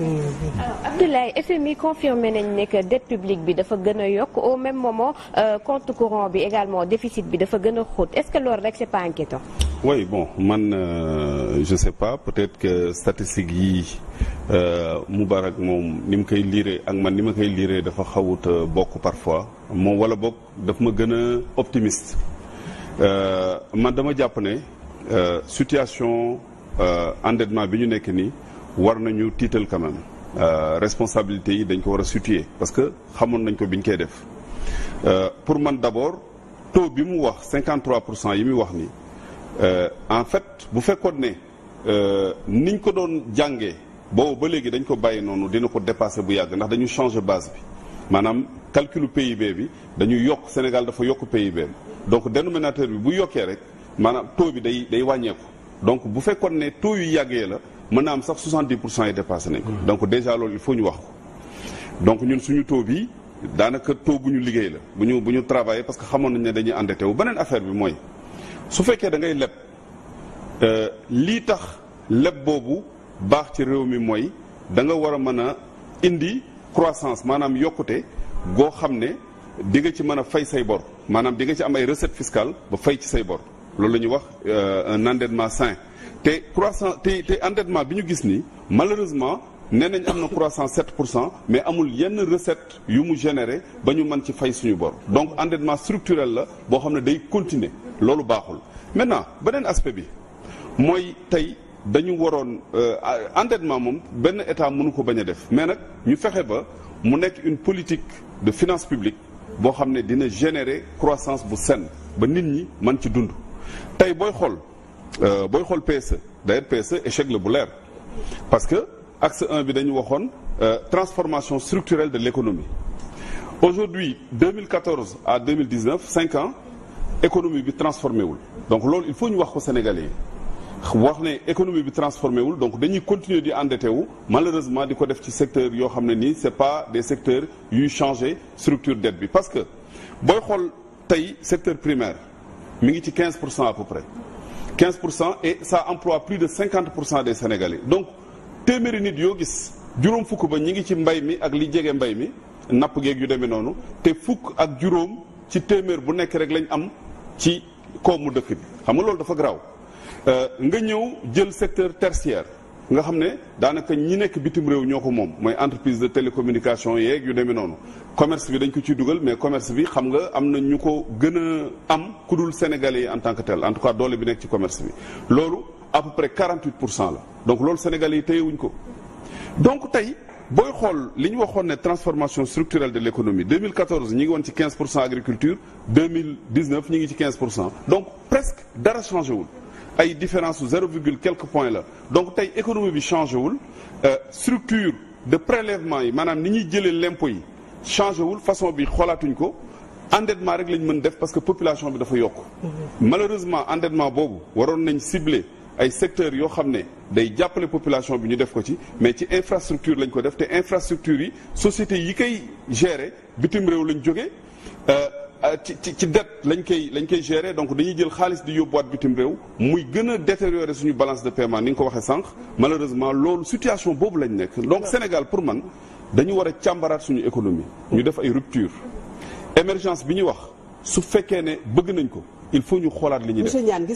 alors Abdoulaye FMI confirmé nañ ne que dette bi dafa gën a yokk au même moment euh, compte courant bi également déficit bi dafa gën a xóot est-ce que loolu rek c'est pas inquiétant. oui bon man euh, je sais pas peut-être que statistique yi euh, Moubarak moom ni mu koy liiree ak man ni ma koy liiree dafa xawut euh, bokk parfois moom wala bokk daf ma gën a optimiste euh, man dama jàpp ne euh, situation endettement bi ñu nekk nii. war nañu tiital quand même euh, responsabilité yi dañ ko war a situer parce que xamoon nañ ko ñu koy def euh, pour man d'abord taux bi mu wax 53 pour cent yi mu wax ni euh, en fait bu fekkoon ne euh, niñ ko doon jàngee boobu ba léegi dañ ko bàyyi noonu dina ko dépasser bu yàgg ndax dañu changer base bi maanaam calculu PIB bi dañu yokk Sénégal dafa yokk PIB bi donc dénominateur bi bu yokkee rek maanaam taux bi day day wàññeeku donc bu fekkoon ne taux yu yàggee la mën naa am sax 70 pour cent yi dépassé nañ ko. donc déjà loolu il ñu wax ko donc ñun suñu taux bi daanaka taux bu ñu liggéey la bu ñu buñu ñu parce que xamoon nañ ne dañuy endetté wu beneen affaire bi mooy su fekkee da ngay leb euh, lii tax leb boobu baax ci réew mi mooy da nga war a mën a indi croissance maanaam yokkute goo xam ne di nga ci mën a fay say bor maanaam di nga ci am ay recette fiscale ba fay ci say bor. loolu la ñuy wax euh, un endettement sain te croissance te te bi ñu gis nii malheureusement nee nañ am na croissance 7 pour cent mais amul yenn recette yu mu généré ba ñu mën ci fay suñu bor donc endettement structurel la boo xam ne day continuer loolu baaxul. maintenant beneen aspect bi mooy tey dañu waroon euh, endettement moom benn état mënu ko bañ a def mais nag ñu fexe ba mu nekk une politique de finance publique boo xam ne dina générer croissance bu saine ba nit ñi mën ci dund. tey booy xool euh, booy xool PSE d'ailleurs PSE échec la bu leer parce que axe un bi dañu waxoon euh, transformation structurelle de l'économie aujourd'hui 2014 à 2019 cinq ans économie bi transformé wul donc loolu il faut ñu wax ko Sénégalais yi wax ne économie bi transformé wul donc dañuy continuer di endetté wu malheureusement di ko def ci secteur yoo xam ne nii c'est pas des secteurs yuy changé structure dette bi parce que booy xool tey secteur primaire mi ngi ci 15 pour cent à peu près 15 pour cent et ça emploie plus de 50 pour cent des Sénégalais donc téeméeri nit yoo gis juróom fukk ba ñu ngi ci mbay mi ak li jege mbay mi napp geeg yu demee noonu te fukk ak juróom ci téeméer bu nekk rek lañ am ci koomu dëkk bi xam nga loolu dafa garaaw euh, nga ñëw jël secteur tertiaire. nga xam ne daanaka ñi nekk bitim réew ñoo ko moom mooy entreprise de télécommunication yeeg yu demee noonu commerce bi dañ ko ciy dugal mais commerce bi xam nga am na ñu ko gën a am ku dul sénégalais yi en tant que tel en tout cas doole bi nekk ci commerce bi loolu à peu la donc loolu sénégalais yi téyewuñ ko donc tey booy xool li ñu waxoon ne transformation structurelle de l' économie 2014 ñi ngi woon ci 15 pour cent agriculture 2019 ñi ngi ci 15 pour cent donc presque dara changé wul ay différence su zéro virgule quelque point la donc tey économie bi changé wul euh, structure de prélèvement yi maanaam ni ñuy jëlee lempo yi changé wul façon bi xoolaatuñ ko endettement rek lañ mën def parce que population bi dafa yokk mhm. malheureusement endettement boobu waroon nañ cibler ay secteurs yoo xam ne day jàppale population bi ñu def ko ci mais ci infrastructure lañ ko def te infrastructure yi société yi koy gérer bitim réew lañ jógee euh, Euh, ci ci ci dette lañ koy lañ koy gérer donc dañuy jël xaalis di yóbbuwaat bitim réew muy gën a détériorer suñu balance de paiement ni nga ko waxee sànq malheureusement loolu situation boobu lañu nekk donc Sénégal pour man dañu war a càmbaraat suñu économie ñu def ay rupture émergence bi ñu wax su fekkee ne bëgg nañ ko il faut ñu xoolaat li ñuy def